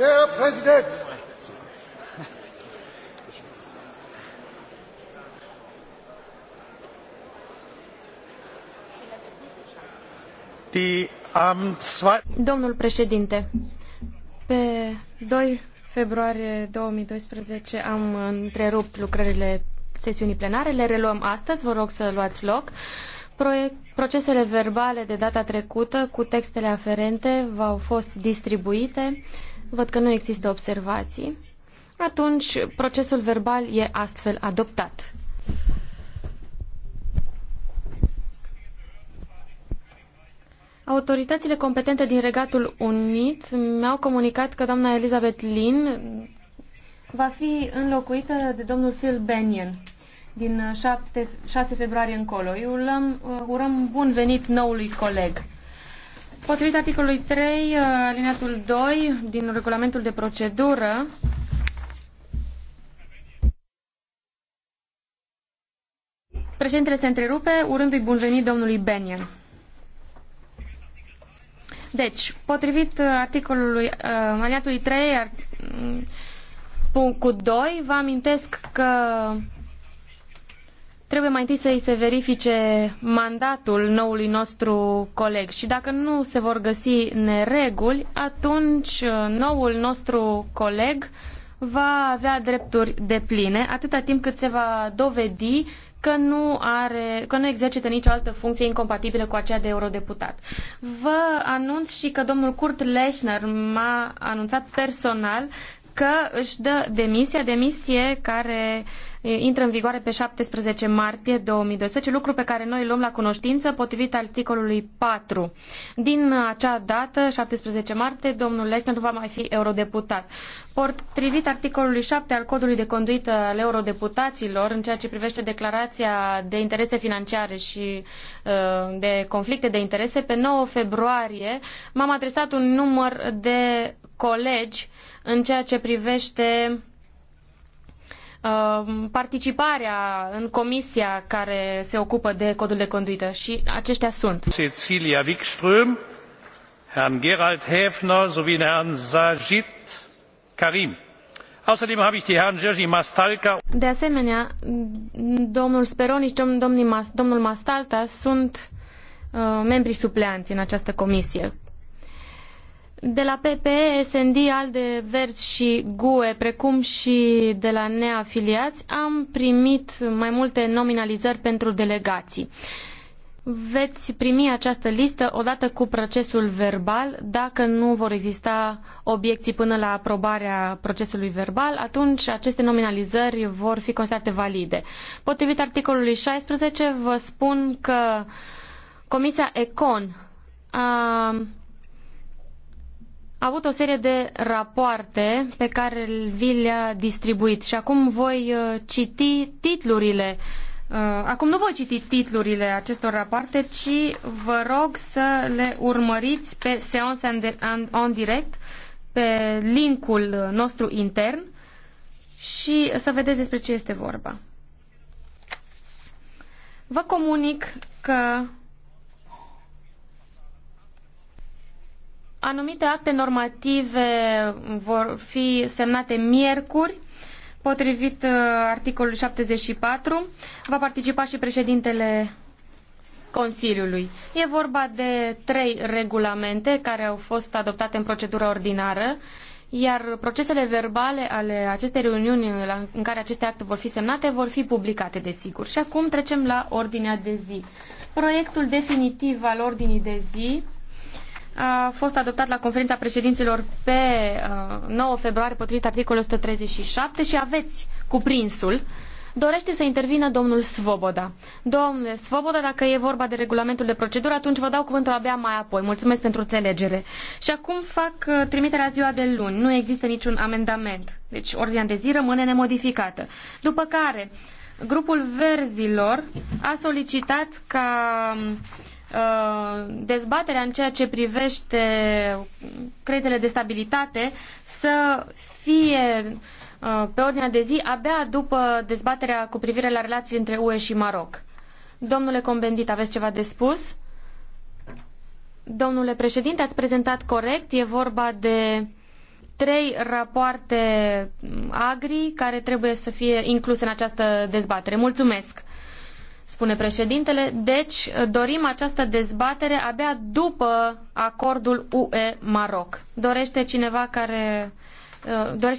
Herr Präsident! Ähm, Domnul președinte, pe 2 februarie 2012 am întrerupt lucrările sesiunii plenare. Le reluăm astăzi, vă rog să luați loc. procesele verbale de data trecută cu textele aferente v-au fost distribuite. Văd că nu există observații. Atunci, procesul verbal e astfel adoptat. Autoritățile competente din Regatul Unit mi-au comunicat că doamna Elizabeth Lin va fi înlocuită de domnul Phil Bennion din 7, 6 februarie încolo. Eu urăm, urăm bun venit noului coleg. Potrivit articolului 3, uh, alineatul 2 din regulamentul de procedură, președintele se întrerupe urându-i bun venit domnului Benian. Deci, potrivit uh, articolului uh, alineatului 3 ar, mm, punctul 2, vă amintesc că Trebuie mai întâi să îi se verifice mandatul noului nostru coleg și dacă nu se vor găsi nereguli, atunci uh, noul nostru coleg va avea drepturi depline atâta timp cât se va dovedi că nu, are, că nu exercită nicio altă funcție incompatibilă cu aceea de eurodeputat. Vă anunț și că domnul Kurt Lechner m-a anunțat personal că își dă demisia, demisie care uh, intră în vigoare pe 17 martie 2012, lucru pe care noi îl luăm la cunoștință potrivit articolului 4. Din acea dată, 17 martie, domnul Lechner nu va mai fi eurodeputat. Potrivit articolului 7 al codului de conduită al eurodeputaților, în ceea ce privește declarația de interese financiare și de conflicte de interese, pe 9 februarie m-am adresat un număr de colegi în ceea ce privește Um, participarea în comisia care se ocupă de codul de conduită și aceștia sunt. Cecilia Wikström, Herrn Gerald Häfner sowie Herrn Sajid Karim. Außerdem habe ich die Herrn Jerzy Mastalka. De asemenea, domnul Speronici, domnul Mastalta sunt uh, membri supleanți în această comisie de la PPE, SND, ALDE, Verzi și GUE, precum și de la neafiliați, am primit mai multe nominalizări pentru delegații. Veți primi această listă odată cu procesul verbal. Dacă nu vor exista obiecții până la aprobarea procesului verbal, atunci aceste nominalizări vor fi considerate valide. Potrivit articolului 16, vă spun că Comisia Econ a a avut o serie de rapoarte pe care vi le-a distribuit și acum voi uh, citi titlurile. Uh, acum nu voi citi titlurile acestor rapoarte, ci vă rog să le urmăriți pe Seance on Direct, pe linkul nostru intern și să vedeți despre ce este vorba. Vă comunic că Anumite acte normative vor fi semnate miercuri, potrivit uh, articolului 74. Va participa și președintele Consiliului. E vorba de trei regulamente care au fost adoptate în procedură ordinară, iar procesele verbale ale acestei reuniuni în care aceste acte vor fi semnate vor fi publicate, desigur. Și acum trecem la ordinea de zi. Proiectul definitiv al ordinii de zi a fost adoptat la conferința președinților pe 9 uh, februarie potrivit articolului 137 și aveți cuprinsul. Dorește să intervină domnul Svoboda. Domnule Svoboda, dacă e vorba de regulamentul de procedură, atunci vă dau cuvântul abia mai apoi. Mulțumesc pentru înțelegere. Și acum fac uh, trimiterea ziua de luni. Nu există niciun amendament. Deci ordinea de zi rămâne nemodificată. După care, grupul verzilor a solicitat ca um, Uh, dezbaterea în ceea ce privește creditele de stabilitate să fie uh, pe ordinea de zi abia după dezbaterea cu privire la relații între UE și Maroc. Domnule Combendit, aveți ceva de spus? Domnule președinte, ați prezentat corect. E vorba de trei rapoarte agri care trebuie să fie incluse în această dezbatere. Mulțumesc! spune președintele. Deci dorim această dezbatere abia după acordul UE-Maroc. Dorește cineva care uh, dorește